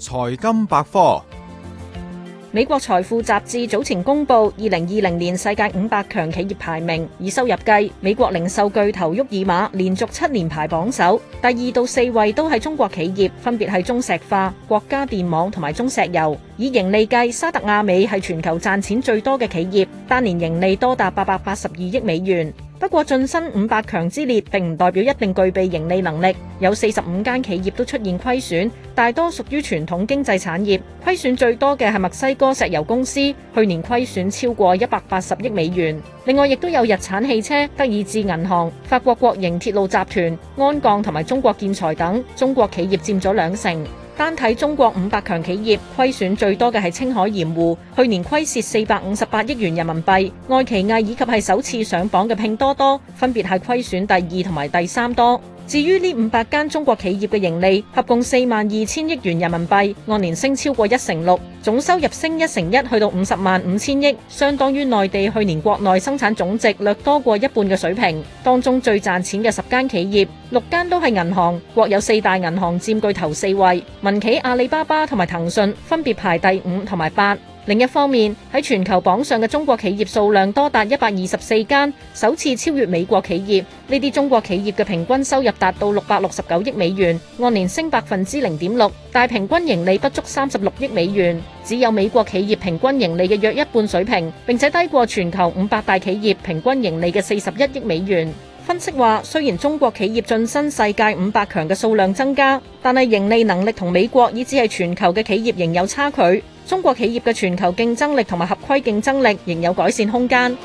財金百科，美國財富雜誌早前公布二零二零年世界五百強企業排名，以收入計，美國零售巨頭沃爾瑪連續七年排榜首，第二到四位都係中國企業，分別係中石化、國家電網同埋中石油。以盈利計，沙特阿美係全球賺錢最多嘅企業，單年盈利多達八百八十二億美元。不過晉身五百強之列，並唔代表一定具備盈利能力。有四十五間企業都出現虧損，大多屬於傳統經濟產業。虧損最多嘅係墨西哥石油公司，去年虧損超過一百八十億美元。另外，亦都有日產汽車、德意志銀行、法國國營鐵路集團、鞍鋼同埋中國建材等中國企業佔咗兩成。單睇中國五百強企業，虧損最多嘅係青海鹽湖，去年虧蝕四百五十八億元人民幣。愛奇藝以及係首次上榜嘅拼多多，分別係虧損第二同埋第三多。至於呢五百間中國企業嘅盈利，合共四萬二千億元人民幣，按年升超過一成六，總收入升一成一，去到五十萬五千億，相當於內地去年國內生產總值略多過一半嘅水平。當中最賺錢嘅十間企業，六間都係銀行，國有四大銀行佔據頭四位，民企阿里巴巴同埋騰訊分別排第五同埋八。另一方面，喺全球榜上嘅中國企業數量多達一百二十四間，首次超越美國企業。呢啲中國企業嘅平均收入達到六百六十九億美元，按年升百分之零點六，但平均盈利不足三十六億美元，只有美國企業平均盈利嘅約一半水平，並且低過全球五百大企業平均盈利嘅四十一億美元。分析話，雖然中國企業晉身世界五百強嘅數量增加，但係盈利能力同美國以至係全球嘅企業仍有差距。中國企業嘅全球競爭力同埋合規競爭力仍有改善空間。